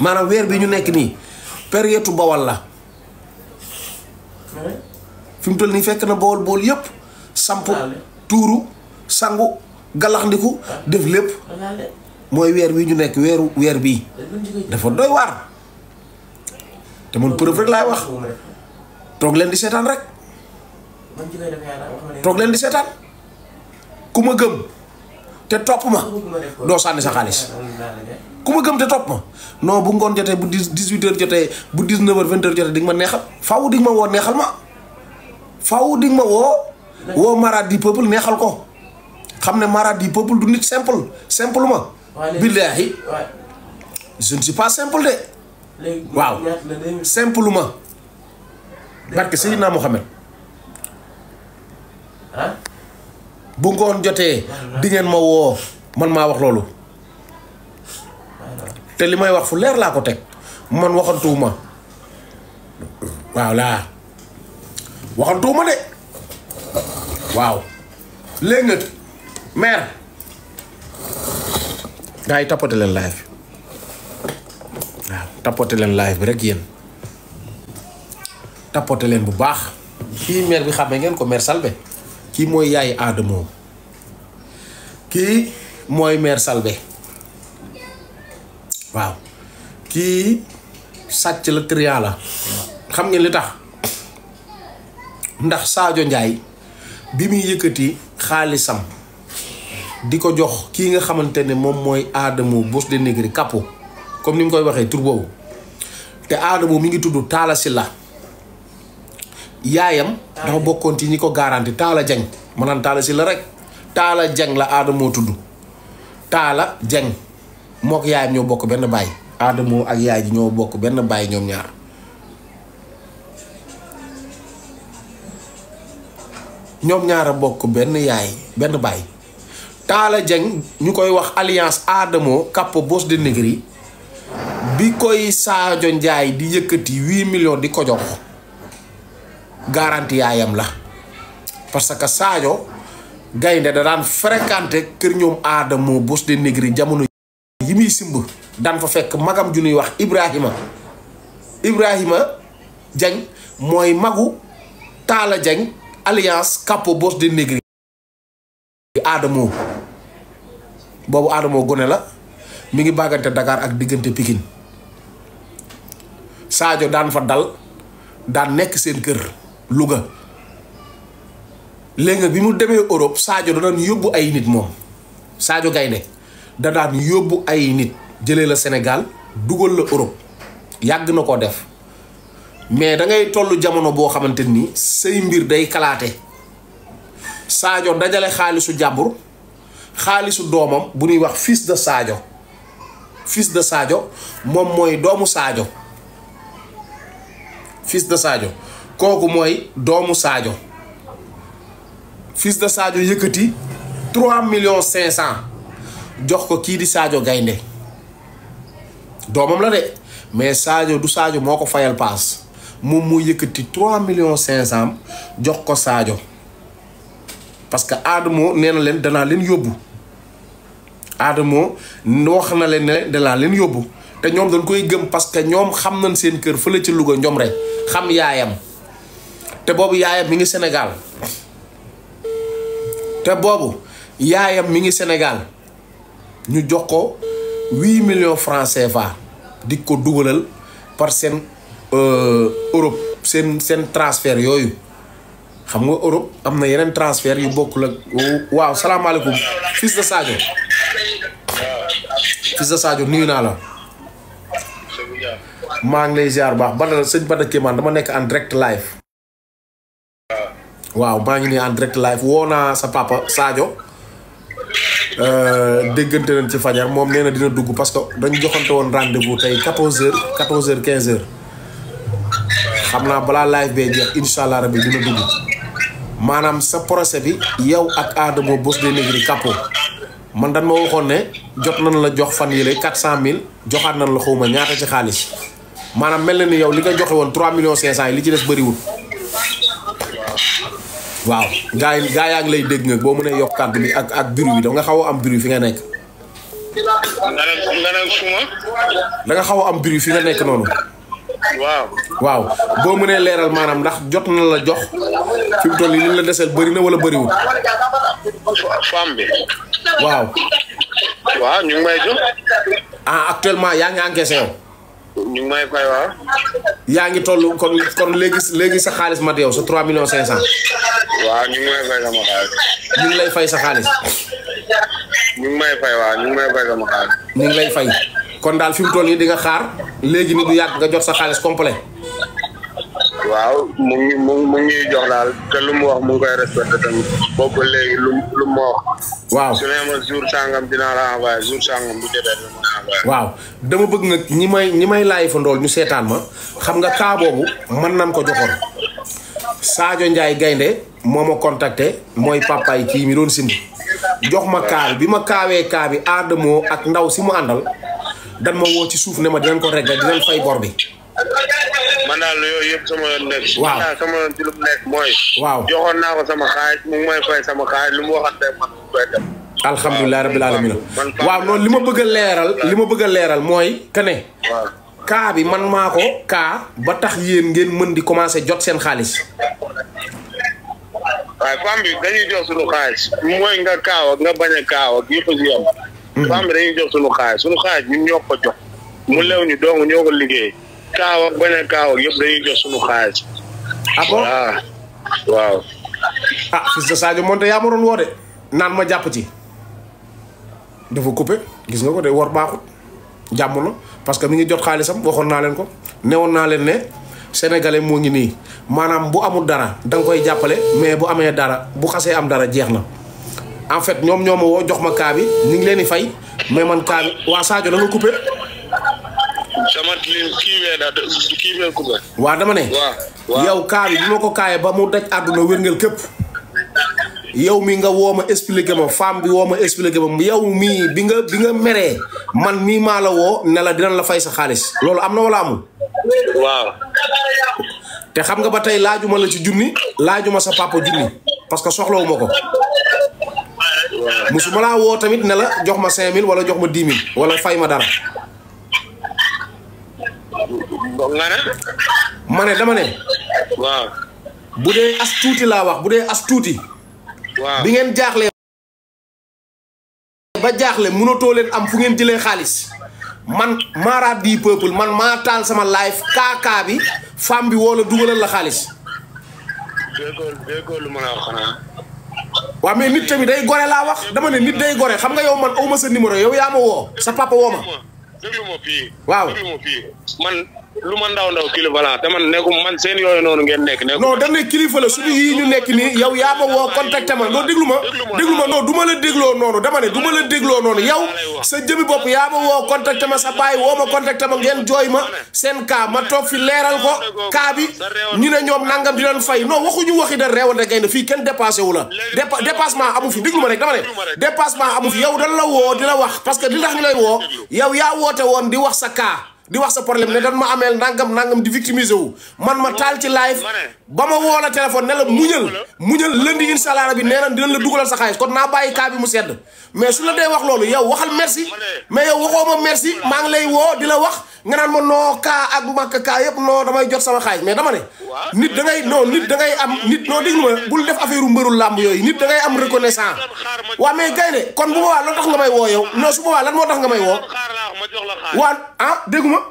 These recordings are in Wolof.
Mana wer bi ñu nekk ni période bawal la fim tol ni fekk na bawal bol yep samp touru sangu galaxndiku def lepp moy wer wi ñu nekk weeru wer bi dafa doy war te mon preuve rek lay wax tok len di setan rek tok len di setan kuma gem te topp ma doo sa xaliss ku ma gëm te topp ma non bu ngoon jotee bu dix dix huit heures jotee bu dix neuf heures vingt heures jotee di nga ma neexal faaw di ma woo neexal ma faaw di nga woo. woo marade neexal ko xam ne marade du du simple simple ma. billaahi je ne suis waaw simple ma. barke Seydina Mohamed. Ah? bu ngoon jotee di ngeen ma woo man maa wax loolu. li may wax fu leer laa ko teg man waxantuwuma waaw laa waxantuwuma de waaw léegi nag maire gars yi tapoté leen live bi waaw tapoté leen live bi rek yéen tapoté leen bu baax kii maire bi xàmmee ngeen ko maire Salbé kii mooy yaayi aada moom kii mooy maire Salbé waaw ki sàcc la triant la xam nga li tax ndax Sadio Ndiaye bi muy yëkkati xaalisam di ko jox kii nga xamante ne moom mooy Adamo Bos de Negri Capo comme ni mu koy waxee tur boobu te Adamu mi ngi tudd Tala Silla yaayam dafa bokkoon ci ñi ko garanti Tala Dieng ma naan Talla rek Tala Dieng la Adamu tudd Tala Dieng mook yaayam ñoo bokk benn baay aadamoo ak yaay ji ñoo bokk benn baay ñoom ñaar ñoom ñaar a bokk benn yaay benn baay Talla Dieng ñu koy wax alliance aadamoo Capo Boss de Négri bi koy saajo Ndiaye di yëkkati huit millions di ko jox garanti yaayam la parce que saajo gaynde da daan fréquenté kër ñoom Adamo Boss de Négri jamono limi Simbu dan fa fek magam ju ñuy wax Ibrahima Ibrahima jagn moy magu tala jagn alliance Capo Bos de Negri Adamo bobu Adamo goné la mi ngi bàggante Dakar ak digënté Pikine Sadio dan fa dal dan nek sen kër luga léegi bi mu démé Europe Sadio da doon yobbu ay nit mom Sadio da yóbbu ay nit jëlee la Sénégal dugal la Europe yàgg na ko def mais da ngay toll jamono boo xamante ni say mbir day kalaate Sadio dajale xaalisu jàmbur xaalisu doomam bu ñuy wax fiis de Sadio fils de Sadio moom mooy doomu saajo fils de Sadio kooku mooy doomu Sadio fils de Sadio yëkkati 3 millions 500. jox ko kii di Sadio Gaynde doomam la de mais Sadio du Sadio moo ko fayal paas moom moo yëkkati trois millions cinq cent jox ko saajo parce que Adamo nee na leen danaa leen yóbbu Adamo wax na leen ne danaa leen yóbbu te ñoom dañ koy gëm parce que ñoom xam nañ seen kër fële ci Louga ñoom rek xam yaayam te boobu yaayam mi ngi Sénégal te boobu yaayam mi ngi senegal ñu jox ko huit million francs CFA di ko dugalal par seen euh, Europe seen seen transfert yooyu xam nga Europe am na yeneen transfert yu bokkul ak waaw salaamaaleykum fils de Sadio fils de Sadio nuyu naa la maa ngi lay ziar baax Badara sëñ Badara Kéemaan dama nekk en direct live waaw maa ngi nii en direct live woo naa sa papa Sadio. Euh, déggante nañ ci fajar moom nee na dina dugg parce que dañ joxante woon rendez-vous tey 14h 14h 15h xam naa balaa live bee jeex incha allah rabi dina dugg maanaam sa procès bi yow ak Adamo Bos de Negri Capo man dan ma waxoon ne jot nañ la jox fan yii lay 400000 joxaat nañ la xawma ñaata ci xaalis maanaam mel na ni yow li nga joxe woon 3 millions 500 yi li ci def bëriwul. waaw gaa yi gaa yaa ngi lay dégg nga boo mënee yokk kàddu bi ak ak bruit bi da nga xaw a am bruit fi nga nekk. da nga xaw a am bruit fi nga nekk noonu. waaw. waaw boo mënee leeral maanaam ndax jot na la jox fi mu toll yi li la deseel bëri na wala bëriwul. femme bi. waaw. waaw ñu ngi may jox. ah actuellement yaa ngi encaissé yow. ñu ngi may fay waaw. yaa ngi toll kon kon léegi léegi sa xaalis mat yow sa 3 millions cent waaw ñu ngi may fay sama xaalis. ñu ngi lay fay sa xaalis. ñu ngi may fay waaw ñu may fay sama xaalis. ñu ngi lay fay kon daal fi mu toll nii di nga xaar léegi ni du yàgg nga jot sa xaalis complet. waaw mu ngi mu ngi jox daal te lu mu wax mu ngi koy respecté tamit boobu léegi lu lu mu wax. waaw su ne ma jour sangam dinaa la envoyé jour sangam bu jotee waaw dama bëgg nag ñi may ñi may laay fa ndool ñu seetaan ma xam nga kaa boobu man nañ ko joxoon Sadio njaay gaynde moo ma contacté mooy papaay kii mi doon simbi jox ma kaa bi ma kaawee kaa bi aadamoo ak ndaw si mu àndal dan ma woo ci suuf ne ma dinañ ko régler dinañ fay bor bi man daal yooyu yëpp sama yoon nekk. waaw sama yoon ci lu mu nekk mooy. waaw joxoon naa ko sama xaaj mu ngi may fay sama xaaj lu mu waxante man koy def. alhamdulilah rabbil alamin waaw noonu li ma bëgg a leeral li ma bëgg leeral mooy que ne kaa bi man maa ko kaa ba tax yéen ngeen mën di commencé jot seen xaalis waaye femme bi dañuy jox suñu xaalis mooy kaaw ak nga bañ a kaaw hmm. ñoo ko jox mu lew ñu doom ñoo ko liggéey kaaw ak bañ a kaaw ak yëpp dañuy jox suñu xaalis ah waaw ah fils de Sadio yaa ma woo de naan ma jàpp ci dafa coupé gis nga ko de war baaxut jàmm la parce que mu ngi jot xaalisam waxoon naa leen ko newoon naa leen ne sénégalais moo ngi nii maanaam bu amul dara da nga koy jàppale mais bu amee dara bu xasee am dara jeex na. en fait ñoom ñoo ma woo jox ma kaabi bi ñu ngi leen di fay mais man kaa waa saajo da nga waa sama kii bee da dama ne. yow kaa bi ma ko kaayee ba mu daj àdduna wérngel képp. yow mi nga woo ma expliqué ma femme bi woo ma expliqué ma yow mi bi nga bi nga méré man mi maa la woo ne la dinañ la fay sa xaliss loolu amna wala amul. waaw. te xam nga ba tay lajuma la ci junni lajuma sa papa junni parce que soxlo wumako ko. musuma laa woo tamit ne la jox ma 5000 wala jox ma 10000 wala fay ma dara. nga ne. dama né waaw. budé astuti la wax budé astuti bi ngeen jaaxlee ba jaaxle mënatoo leen am fu ngeen jëlee xaalis man maaraat di peuple man maa taal sama live kaakaa bi femme bi woo la dugalal la xaalis. lu mën a wax xanaa. waaw mais nit tamit day gore la wax dama ne nit day gore xam nga yow man awma sa numéro yow yaa ma woo sa papa woo ma. waaw man. lu ma ndaw ndaw kilifa laa te man nekku man seen yooyu noonu ngeen nekk nekku non dañ ne kilifa la suñu yii ñu nekk nii yow yaa ma woo contacté ma non déglu ma déglu ma non du la dégloo noonu dama ne du ma la dégloo noonu yow sa jëmi bopp yaa ma woo contacté ma sa baay woo ma contacté ma ngeen jooy ma seen cas ma toog fi leeral ko cas bi ñu ne ñoom nangam di leen fay non waxuñu waxi da reewante gay na fii kenn dépassé wu la dépassement amu fi déglu ma rek dama ne yow dañ la woo di la wax parce que li tax ñu lay woo yow yaa woote woon di wax sa kaa di wax sa problème né dan ma amel nangam nangam di victimiser wu man ma tal ci live bama ma la téléphone né la muñal muñal lundi inshallah rabbi né na dinañ la dugalal sa xaliss kon na bayyi ka bi mu sedd mais su la day wax lolu yow waxal merci mais yow waxoo ma merci ma ngi lay wo di wax nga nan mo no ka ak makka ka yépp no damay jot sama xaliss mais dama né nit da ngay non nit da ngay am nit no déglu ma bul def affaireu mbeurul lamb yoy nit da ngay am reconnaissance wa mais gaynde kon bu boobaa loo tax nga may wo yow non su boobaa lan mo tax nga may wo wa ah déggu ma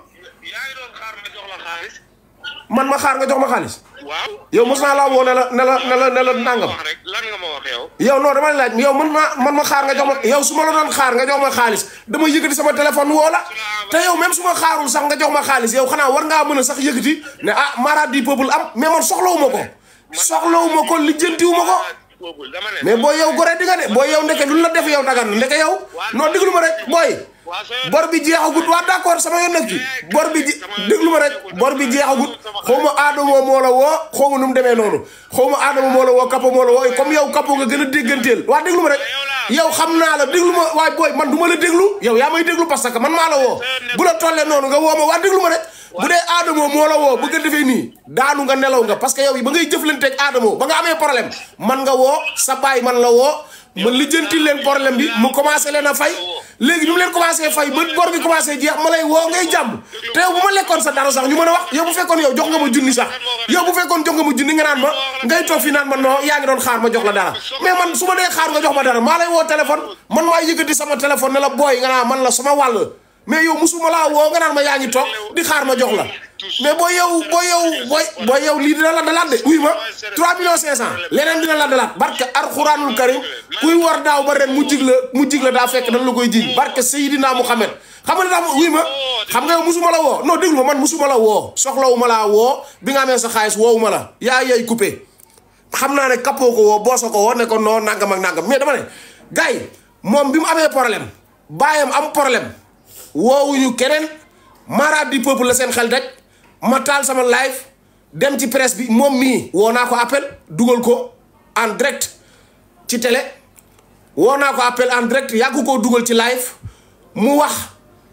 man ma xaar nga jox ma xaalis. waaw yow mos naa laa woo ne la ne la ne la ne la nangam. lan nga ma wax yow. yow non dama laaj yow man ma man ma xaar nga jox ma yow su ma la doon xaar nga jox ma xaalis dama yëkkati sama téléphone woo la. te yow même su ma xaarul sax nga jox ma xaalis yow xanaa war ngaa mën a sax yëkkati ne ah mara di peuple am mais man soxlawuma ko. soxlawuma ko lijjantiwuma ko. mais boy yow gore di nga de boy yow ndeke lu la def yow dagan ndeke yow. non diglu ma rek boy bor bi jeexagut waa d'accord sama yoon nag ci eh, bor bi déglu ma rek bor bi jeexagut xaw ma aadama moo la woo xaw ma mu demee noonu xaw ma aadama moo la woo kappa moo la woo comme yow kappa nga gën a dégganteel waa déglu ma rek eh, yow naa la déglu ma waay booy man du la déglu yow yaa may déglu parce que man maa la woo eh, bu la tollee noonu nga woo ma waa déglu ma rek bu dee aadamoo moo la woo bëgg a defee nii daanu nga nelaw nga parce que yow ba ngay jëflanteeg aadamoo ba nga amee problème man nga woo sa baay man la woo ma lijjanti leen problème bi mu commencé leen a fay léegi ñu mu leen commencé fay ba bor bi commencé jeex ma lay woo ngay jàmm te yow bu ma lekkoon sa dara sax ñu mën a wax yow bu fekkoon yow jox nga ma junni sax yow bu fekkoon jox nga ma junni nga naan ma ngay toog fi naan ma non yaa ngi doon xaar ma jox la dara mais man su ma dee xaar nga jox ma dara maa lay woo téléphone man maa yëkkati sama téléphone ne la booy nga naa man la sama wàll mais yow musuma la wo nga nan ma yaangi tok di xaar ma jox la mais bo yow bo yow bo yow li dina la dalat de wuy ma 3500 millions leneen dina la dalat barke alxuraanul karim kuy war daw ba ren mujjig la mujjig la da fek dañ la koy jig barke Seydina Muhammad xam nga dama wuy ma xam nga musuma la wo non déglu ma man musuma la wo woo soxlawuma laa wo bi nga amé sa xaliss xaalis woowuma la ya yay coupé xam na ne kapo ko wo boso ko wo ne ko non nangam ak nangam mais dama ne gay mom bimu amé problème bayam am problème. wowuñu keneen marade du peuple la seen xel daj ma taal sama live dem ci press bi moom mii woo naa ko appel dugal ko en direct ci télé woo naa ko appel en direct yàgg koo dugal ci live mu wax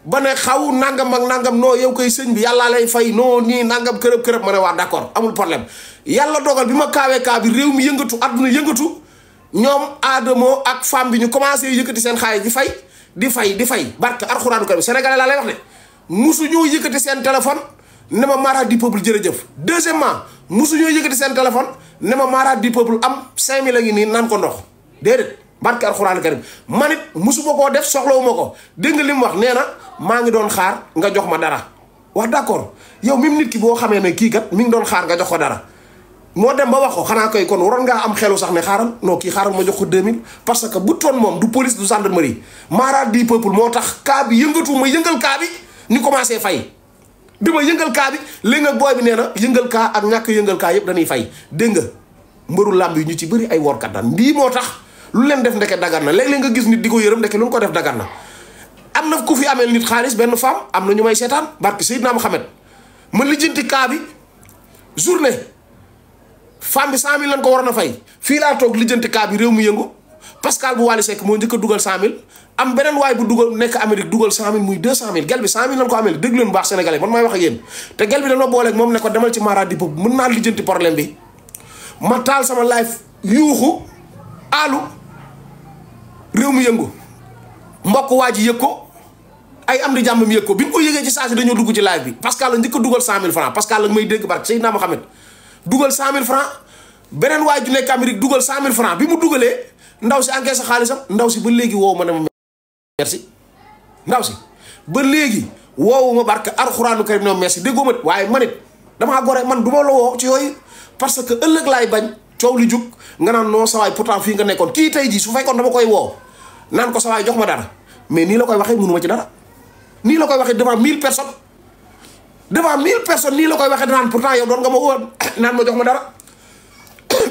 ba ne xaw nangam ak nangam non yow koy sëñ bi yàllaa lay fay noo nii nangam kërëb kërëb ma ne waa d'accord amul problème yàlla dogal bi ma kaawee kaa bi réew mi yëngatu àdduna yëngatu ñoom aadamoo ak femme bi ñu commencé yëkkati seen xaalis di fay di fay di fay barke alxuraanu bi sénégalais laa lay wax ne musuñoo yëkkati seen téléphone ne ma mara di peuple jërëjëf deuxièmement musuñoo yëkkati seen téléphone ne ma mara di peuple am cinq mille ngi nii nan ko ndox déedéet barke alxuraanu karim man it musuma koo def soxla soxlawuma ko dégg nga li mu wax nee na maa ngi doon xaar nga jox ma dara wax d'accord yow même nit ki boo xamee ne kii kat mi ngi doon xaar nga jox ko dara moo dem ba wax ko xanaa koy kon waroon ngaa am xelu sax ne xaaral noo kii xaaral ma jox ko 2000 parce que bu toon moom du police du gendarmerie mara di peuple moo tax kaa bi yëngatu ma yëngal kaa bi ñu commencé fay. bi ma yëngal cas bi léegi nag bi nee na yëngal cas ak ñàkk yëngal cas yëpp dañuy fay dégg nga mbëru làmb yi ñu ci bëri ay workat daan lii moo tax lu leen def ndeke dagan na léeg-léeg nga gis nit di ko yërëm ndeke lu mu ko def dagan na. am na ku fi amee nit xaalis benn femme am na ñu may seetaan barke Seydina Mohamed ma lijjanti kaa bi journée. femme bi cent mille lañ ko waroon a fay fii laa toog lijjanti kaa bi réew mi yëngu Pascal bu Wally Seck moo njëkk dugal cent mille am beneen waay bu dugal nekk Amérique dugal cent mille muy deux cent mille gel bi cent mille lañ ko amee dégg leen bu baax sénégalais man may wax ak yéen te gel ma taal sama live yuuxu aalu réew mi yëngu mbokk waa ji yëg ko ay am di jàmm mi bi ñu ko yëgee ci saa si dañoo dugg ci live bi Pascal la njëkk a dugal cent mille francs Pascal la may dégg barke Seydina Mohamed dugal mille francs beneen waay ju nekk Amérique dugal 100000 francs bi mu dugalee ndaw si sa xaalisam ndaw si ba léegi woowu ma ne ma merci ndaw si ba léegi woowu ma barke alxuraanu karim ne ma merci déggoo ma waaye man it damaa gore man du ma la woo ci yooyu parce que ëllëg laay bañ coow li jug nga naan non sawaay pourtant fii nga nekkoon kii tey jii su fekkoon dama koy woo naan ko sawaay jox ma dara mais nii la koy waxee mënu ma ci dara nii la koy waxee devant mille personnes devant 1000 personnes ni la koy waxe nan pourtant yow don nga ma woon nan ma jox ma dara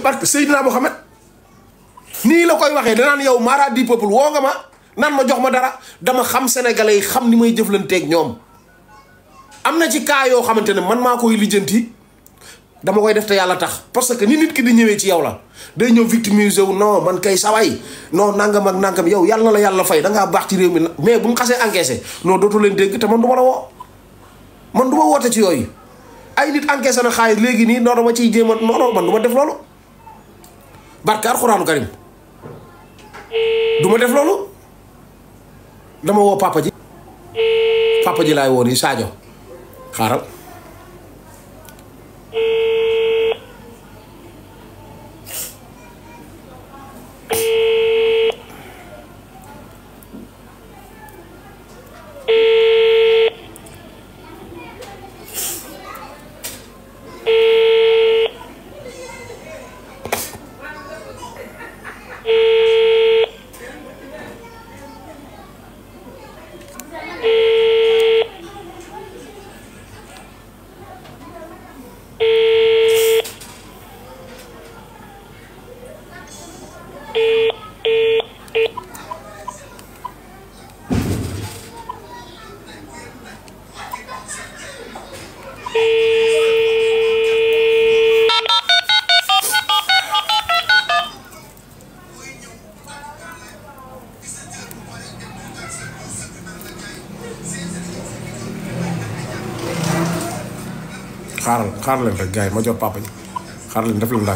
parce que sayyidina Mohamed ni la koy da nan yow mara di peuple wo nga ma nan ma jox ma dara dama xam sénégalais xam ni may jëflanté ak ñom amna ci cas yo xamantene man maa koy lijjanti dama koy def te yalla tax parce que ni nit ki di ñëwé ci yow la day ñëw victimiser wu non man kay saway non nangam ak nangam yow yalla la yalla fay da nga bax ci réew mi mais bu mu xasee encaissé non dootu leen dégg te man duma la wo man duma wote ci yoy ay nit encaissé na xaalis léegi ni noonu ma ci jéem a man duma def lolu barka alquran karim duma def lolu dama wo papa ji papa ji lay woni Sadio xaram Thank you. xaar leen rek gars yi ma leen def bi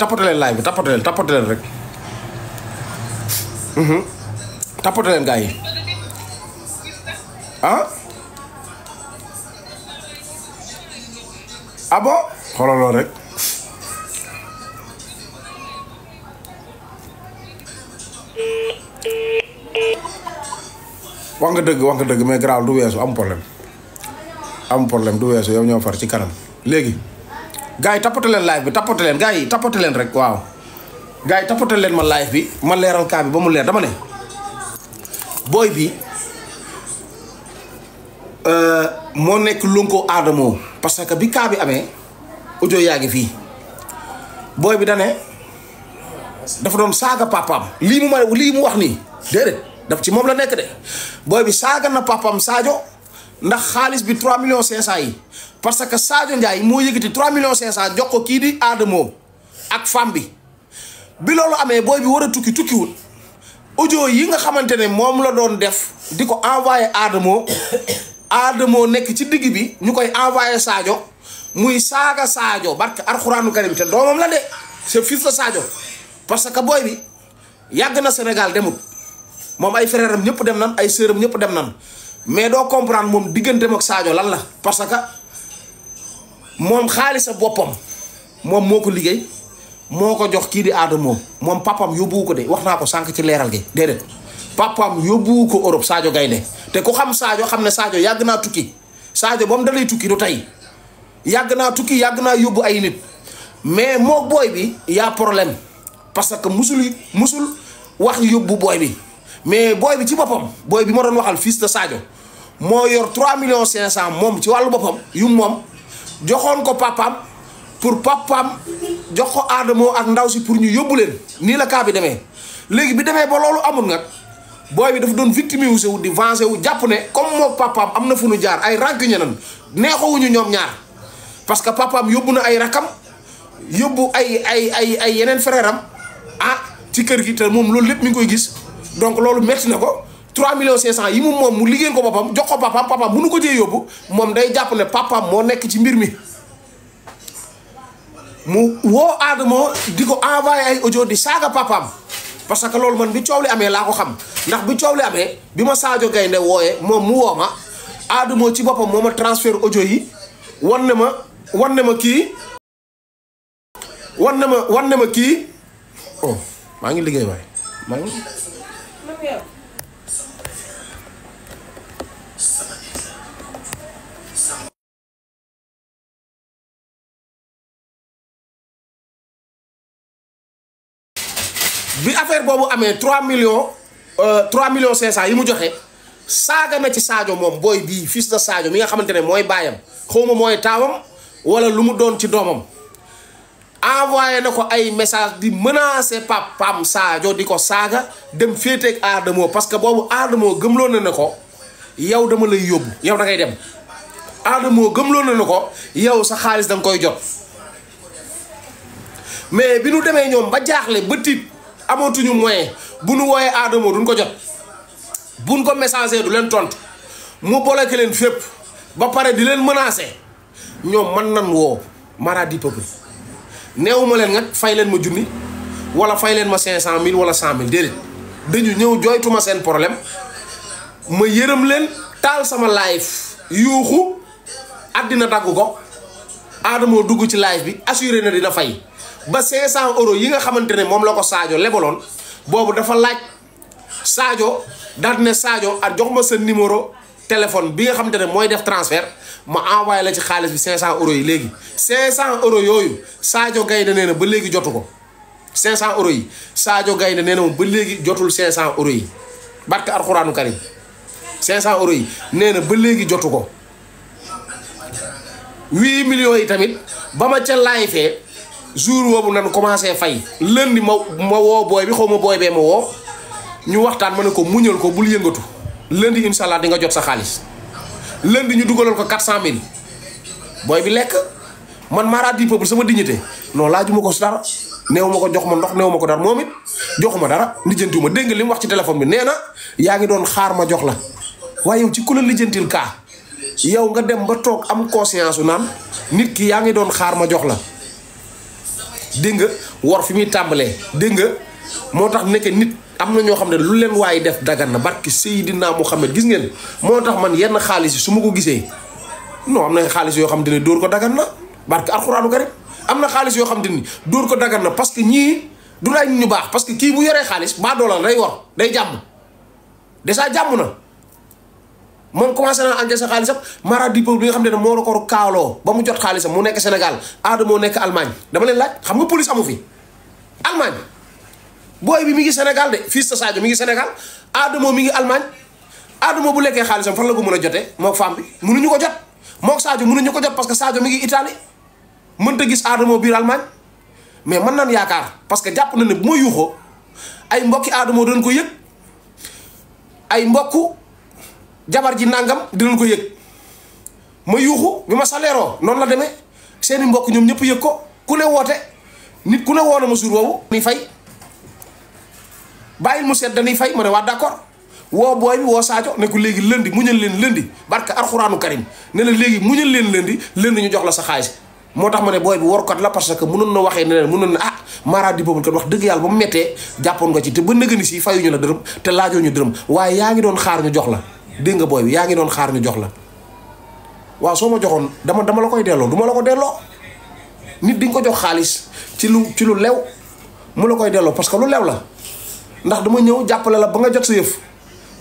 tapote leen tapote leen rek mhm. tapote leen gars yi ah. ah bon rek. wax nga dëgg wax nga dëgg mais garaaw du weesu am problème am problème du weesu yow ñoo far ci kanam léegi gars yi tapote leen live bi tapote leen gars yi tapote leen rek waaw gars yi tapote leen ma live bi ma leeral kaa bi ba mu leer dama ne booy bi euh, moo nekk Lonko Adamo parce que bi kaa bi amee audio yaa ngi fii booy bi dane dafa doon saaga papaam lii mu ma lii mu wax nii déedéet daf ci moom la nekk de booy bi saaga na papam saajo ndax xaalis bi 3 millions 500 yi parce que Sadio Ndiaye moo yëkkati 3 millions 500 jox ko kii di adamoo ak femme bi bi loolu amee booy bi war a tukki tukkiwul audio yi nga xamante ne moom la doon def di ko envoyé Adamo Adamo nekk ci digg bi ñu koy envoyé Sadio muy saaga Sadio barke alxuraanu karim te doomam la de c'est fils de Sadio parce que booy bi yàgg na Sénégal demut. moom ay frère am ñëpp dem nan ay sœur am dem nan mais doo comprendre moom digganteem ak Sadio lan la parce que moom xaalisa boppam moom moo ko liggéey moo ko jox kii di Adamo moom papam yóbbuwu ko de wax naa ko sànq ci leeral gi déedéet papam yóbbuwu ko Europe saajo Gaynde te ku xam saajo xam ne saajo yàgg naa tukki saajo ba mu dalay tukki du tey yàgg naa tukki yàgg naa yóbbu ay nit mais moo booy bi yaa problème parce que musul musul wax yóbbu booy bi mais booy bi ci boppam booy bi ma doon waxal fils de Sadio moo yor 3 millions 500 moom ci wàllu boppam yu moom joxoon ko papaam pour papaam jox ko Adamo ak ndaw si pour ñu yóbbu leen nii la kaa bi demee léegi bi demee ba loolu amul nag booy bi dafa doon victime wu sew di venger wu jàpp ne comme moo papaam am na fu nu jaar ay rancune nan neexawuñu ñoom ñaar parce que papaam yóbbu na ay rakam yóbbu ay ay ay ay yeneen frère am ah ci kër gi te moom loolu lépp mi koy gis donc loolu métti na ko 3 millions 500 yi mu moom mu liggéey ko boppam jox ko papaam papaam mënu ko cee yóbbu moom day jàpp ne moo nekk ci mbir mi. mu woo Adamo di ko envoyé ay audio di saaga papaam parce que loolu man bi coow li amee laa ko xam ndax bi coow li amee bi ma Sadio Gaynde wooyee moom mu woo ma Adamo ci boppam moo ma transfert audio yi wan na ma wan na ma kii wan na ma wan na ma kii oh, maa ngi liggéey waay bi affaire bobu amé 3 millions 3 euh, millions 500 yi mu joxe saaga na ci Sadio mom boy bi fils de Sadio mi nga xamante moy bayam xawma moy tawam wala lumu don ci domam envoyé na ko ay message di menacé papam saajo di ko saaga dem féeteeg Adamo parce que boobu Adamo gëmloo na ne ko yow dama lay yóbbu yow dangay dem dem Adamo gëmloo na ko yow sa xaalis danga koy jot mais bi nu demee ñoom ba jaaxle ba tiit amatuñu moyen bu nu wooyee Adamo duñ ko jot buñ ko messager du leen tontu mu bloqué leen fépp ba pare di leen menacé ñoom mën nan woo maradi peuple neewu leen nag fay leen ma junni wala fay leen ma cinq cent mille wala cent mille déedéet dañu ñëw jooytuma seen problème ma yërëm leen taal sama live yuuxu àddina dagg ko aadamoo dugg ci live bi assuré na dina fay ba cinq cent euros yi nga xamante ne moom la ko Sadio lebaloon boobu dafa laaj saajo daal ne Sadio ak jox ma sa numéro téléphone bi nga xamante ne mooy def transfert ma envoyé la ci xaalis bi 500 euros yi léegi 500 euros yooyu Sadio Gaye nee na ba léegi jotu ko 500 euros yi Sadio Gaye nee na ba léegi jotul 500 euros yi barke alxuraanu cinq 500 euros yi nee na ba léegi jotu ko 8 millions yi tamit ba ma ca laay fee jour boobu nanu commencé fay lundi ma ma woo booy bi xaw ma booy bee ma woo ñu waxtaan ma ne ko muñal ko bul yëngatu. lundi incha allah di nga jot sa xaalis lundi ñu dugalal ko 400000 booy bi lekk man maraat di peuple sama dignité non laajuma ko si dara néew ma ko jox ma ndox néew ma ko dara moom it joxu ma dara lijjantiw ma dégg nga li mu wax ci téléphone bi nee na yaa ngi doon xaar ma jox la waaye yow ci ku la lijjantil kaa yow nga dem ba toog am conscience su naan nit ki yaa ngi doon xaar ma jox la dégg nga wor fi muy tàmbalee dégg nga. motax neke nit amna ño xamne lu len way def dagan na barki Seydina Muhammad gis ngeen motax man yenn khalis yi ko gisee no amna na yo xam dina door ko dagan na barki alxuraanu karim amna khalis yo xam dina door ko dagan na parce que ñi du lay ñu bax parce que ki bu yoree ba do la day war day jamm na moom commencé na angé sa khalis mara di bi nga xam dina mo moo ko Senegal, ba mu jot khalis mu nek senegal adamo nek Allemagne dama len laaj xam nga police amu fi Allemagne booy bi mi ngi Sénégal de fils sa Sadio mi ngi Sénégal Adamo mi ngi Allemagne Adamo bu lekkee xaalisam fan la ko mën a jotee moog femme bi ñu ko jot moog Sadio mënuñu ko jot parce que Sadio mi ngi Italie mënta gis Adamo biir Allemagne mais mën nan yaakaar parce que jàpp na ne bu ma yuuxoo ay mbokki Adamo doon ko yëg ay mbokku jabar ji nangam dinañ ko yëg ma yuuxu bi ma saleeroo noonu la demee seeni mbokk ñoom ñëpp yëg ko ku ne woote nit ku ne woona ma suur boobu ni bayil mu set dañuy fay mu ne wa d'accord wo boy wo bi Sadio ne ko muñal len lendi barke alcorane karim ne la léegi muñal len lendi lendi ñu jox la sa xaalis motax mo ne booy bi warkat la parce que mënon na waxe ne na ah maradi bobul kat wax deug yalla bu mu jappon nga ci te ba nëgëni si ñu la deureum te laajoo ñu deureum waaye yaangi ngi doon xaar ñu jox la de nga boy bi yaangi xaar ñu jox la wa dama dama la koy delo duma la ko delo nit di nga ko jox ci lu ci lu lew mu la koy delo parce que lu lew la ndax dama ñëw jàppale la ba nga jot sa yëf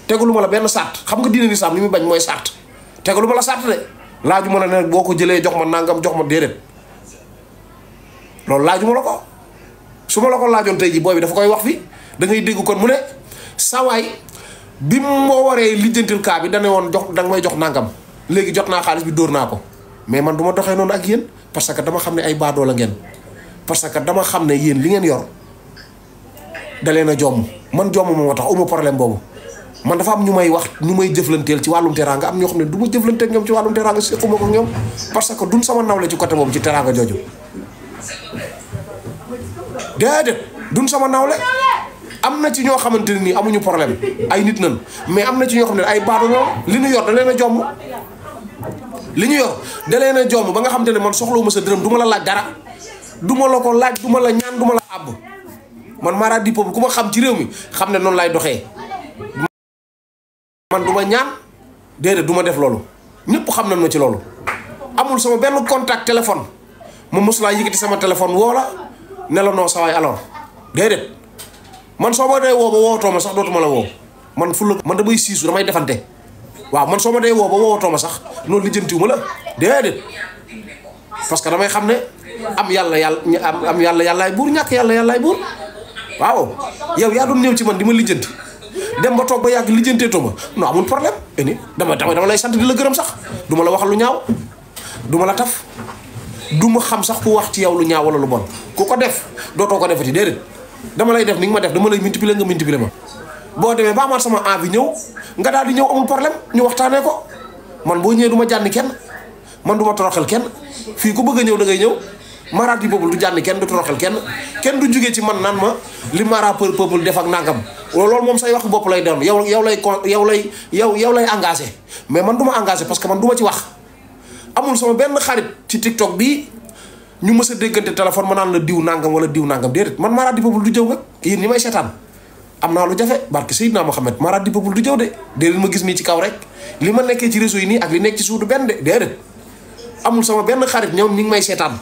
tegalu la benn sart xam nga diine lislaam li muy bañ mooy sart tegalu ma la sart de laaju ma la ne boo ko jëlee jox ma nangam jox ma déedéet loolu laaju ma la ko su ma la ko laajoon tey ji booy bi dafa koy wax fi da ngay dégg kon mu ne sawaay bi moo waree lijjantil kaa bi dane woon jox danga may jox nangam léegi jot naa xaalis bi dóor naa ko mais man du ma doxee noonu ak yéen parce que dama xam ne ay baadoo la ngeen parce que dama xam ne yéen li ngeen yor Dalena jom man jom mo tax umu problème bobu man dafa am ñu may wax ñu may jëflanteel ci walum teranga am ñoo xamne duma du ñom jëflanteeg ci wàllum teraanga ko ñom parce que duñ sama nawle ci côté bobu ci teranga jojo dede duñ sama nawle amna na ci ñoo xamanteni ni amuñu problème ay nit nañ mais am na ci ñoo xamne ay baadu ñoo li ñu yor dalena jom li ñu yor dalena jom ba nga xamanteni man ma sa dërëm duma la laaj dara duma la ko laaj duma la ñaan duma la abbu man mara di pop kuma xam ci rew mi xam ne noonu lay doxé man duma ñaan dédé duma def lolu ñepp xam nañ ma ci lolu amul sama benn contact téléphone mu musla sama téléphone wo la ne la noo sawaay alors dédé man so mo day wo ba woto ma sax dotuma la wo man fulla man damay sisu damay defante wa man so mo day wo ba woto ma sax noonu ma la dédé parce que damay xam ne am yalla yalla am yalla yàlla bur ñak yalla yalla yàllaay Wow, yow yaa doon ñëw ci man di ma lijjanti dem ba toog ba yàgg lijjanteetu ma non amul problème ini dama dama dama lay sant di la gërëm sax du ma la wax lu ñaaw du la taf du ma xam sax ku wax ci yow lu ñaaw wala lu bon ku ko def dootoo ko defati déedéet dama lay def ni nga ma def dama lay multiplier nga multiplier ma boo demee ba amaat sama envie ñëw nga daal di ñëw amul problème ñu waxtaanee ko man boo ñëwee du ma jànni kenn man du ma kenn fii ku bëgg a da ngay ñëw maraati di du jànni kenn du toroxal kenn kenn du jógee ci man nan ma li mara peuple def ak nangam loolu mom say wax bop lay don yow yow lay yow lay yow yow lay engager mais man duma engager parce que man duma ci wax amul sama ben xarit ci tiktok bi ñu mësa a déggante téléphone ma naan la diw nangam wala diw nangam déedéet man maraati boobu du jëw nak yeen ni may sétane amna lu jafé barke Seydina Mohamed maraati boobu du jëw de déedéet ma gis nii ci kaw rek li ma ci réseau yi ni ak li nekk ci ben amul sama ben xarit ñom ning ngi may sétane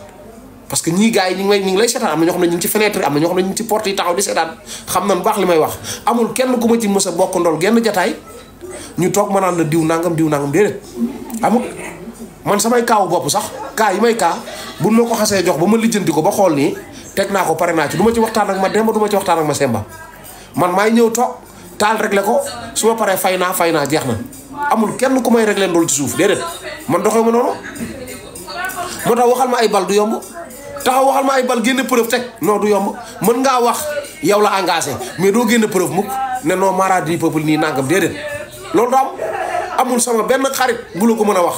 parce que ñii gars yi ñu ngi lay ñu am na ñoo xam ne ñu ci fenêtre am na ñoo xam ne ñu ci porte yi taxaw di seetaan xam na bu baax li may wax amul kenn ku ma ci mës a bokk ndol genn jataay ñu toog ma naan la diw nangam diw nangam déedéet amul man samay kaawu bopp sax kaa yi may kaa buñ ma ko xasee jox ba ma lijjanti ko ba xool nii teg naa ko pare naa ci du ma ci waxtaan ak ma Demba ci waxtaan ak ma Semba man maay ñëw toog taal réglé ko su ma paree fay naa fay naa jeex na amul kenn ku may réglé ndol ci suuf déedéet man doxee ma noonu moo tax waxal ma ay bal yomb taxaw waxal ma ay bal génne preuve tek non du yomb mën ngaa wax yow la engagé mais doo génne preuve mukk ne non maradi du peuple nii nangam déedéet loolu daam amul sama benn xarit bu la ko mën a wax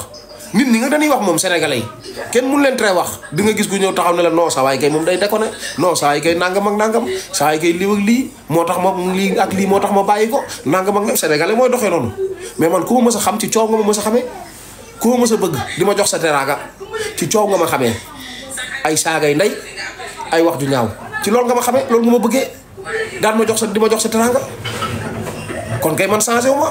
nit ñi nga dañuy wax moom sénégalais yi kenn mun leen tere wax di nga gis gu ñëw taxaw ne la non sa waay kay moom day déconné non sa waay kay nangam ak nangam sa waay kay lii ak lii moo tax ma lii ak lii moo tax ma bàyyi ko nangam ak nangam sénégalais mooy doxee noonu mais man ku ma mës a xam ci coow nga ma mës a xamee ku ma mës a bëgg di ma jox sa teraanga ci coow nga ma xamee ay saagay ndey ay wax ju ñaaw ci mah nga ma xamé lool nga bëggé daan ma jox sa di jox sa teranga kon kay man changé wu ma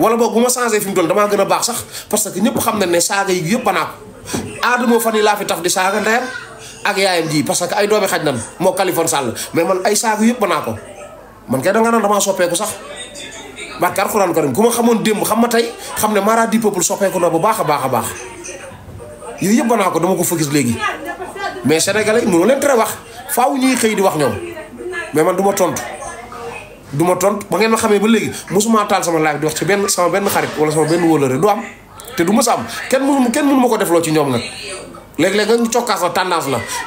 wala boog bu ma changé fi mu toll damaa baax sax parce que ñepp xam na ne saaga yi yëpp adu mo fani taf di saga ndayam ak yaayam ji parce que ay doomi xaj nan moo sal Sall mais man ay saaga yëpp banaa ko man kay da nga dama soppé ko sax barke alxuraan karim ku xam ma tay xam ne mara di peuple ko no bu baaxa baaxa baax yoy baax yëpp banaa ko dama ko mais sénégalais yi mënoo leen tere wax faaw ñuy xëy di wax ñoom mais man du ma tontu duma ma tontu ba ngeen ma xamee ba léegi mosuma taal sama live di wax ci benn sama benn xarit wala sama benn wóolare du am te du ma am kenn mënu kenn mënu ma ko defloo ci ñoom nag léeg-léeg nga ñu cokkaas la tendance la.